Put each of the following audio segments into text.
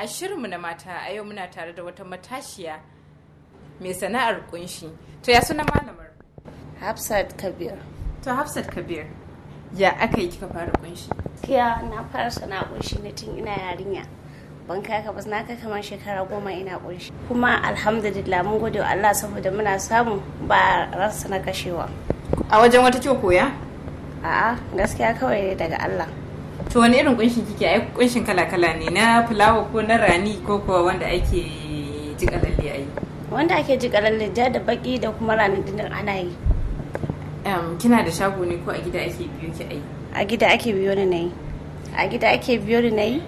A shirinmu na mata a yau muna tare da wata matashiya mai sana'ar kunshi. To ya suna malamar? Hafsat Kabir. To Hafsat Kabir, ya aka yi kika fara kunshi? Kiya na fara sana'a kunshi na tun ina yarinya. ban ka ba na kai kamar shekara goma ina kunshi kuma alhamdulillah mun gode wa Allah saboda muna samu ba rasa na kashewa a wajen wata kyau koya a'a gaskiya kawai daga Allah to wani irin kunshin kike ai kunshin kala-kala ne na fulawa ko na rani ko kuwa wanda ake jika lalle yi. wanda ake jika lalle ja da baki da kuma ranar dinar ana yi kina da shago ne ko a gida ake biyo ki ai a gida ake biyo ni na yi. a gida ake biyo ni na yi.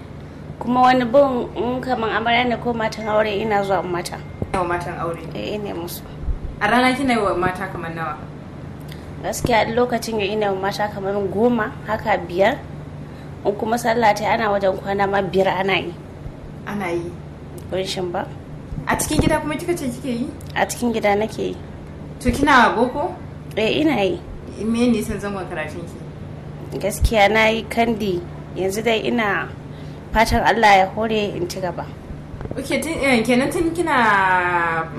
kuma wani bin in kaman amarya ne ko matan aure ina zuwa mata yawa matan aure eh ne musu a rana kina yi wa mata kamar nawa gaskiya lokacin ya ina wa mata kamar goma haka biyar in kuma sallah ta ana wajen kwana ma biyar ana yi ana yi kunshin ba a cikin gida kuma kika ce kike yi a cikin gida nake yi to kina boko eh ina yi me ne san zangon karatun ki gaskiya na yi kandi yanzu dai ina fatan Allah ya hore in ci gaba Ok, eh, kenan tun kina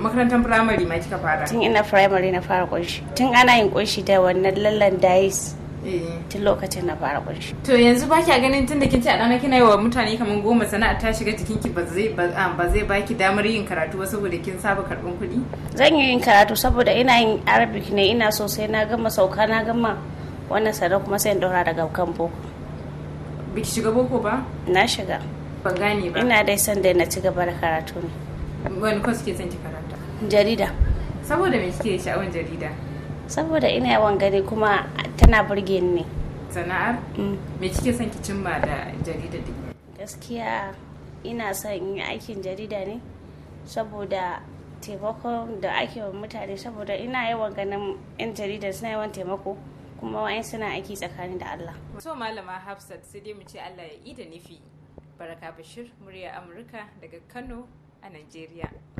makarantar firamare ma kika fara? Tun ina firamare na fara kunshi. Tun ana yin kunshi da wannan lallan dais. Eh, tun lokacin na fara kunshi to yanzu ba a ganin tun da kin ce a ɗana kina yi wa mutane kamar goma sana'a ta shiga jikinki ba zai ba ah, ki baki damar yin karatu ba saboda kin saba karɓan kuɗi zan yi yin karatu saboda ina yin arabic ne ina sosai na gama sauka na gama wannan sana kuma sai in ɗora daga kan boko biki shiga boko ba na shiga ban gane ba ina dai son dai na ci gaba da karatu ne wani kwas ke son ki karanta jarida saboda me kike sha'awar jarida saboda ina yawan gani kuma tana burge ni sana'ar mm. me kike son ki cimma da jarida gaskiya ina son yi aikin jarida ne saboda taimakon da ake wa mutane saboda ina yawan ganin 'yan jarida suna yawan taimako kuma wa'in suna aiki tsakanin da Allah. so malama hafsat sai dai mu ce Allah ya yi da nufi baraka bashir murya amurka daga kano a nigeria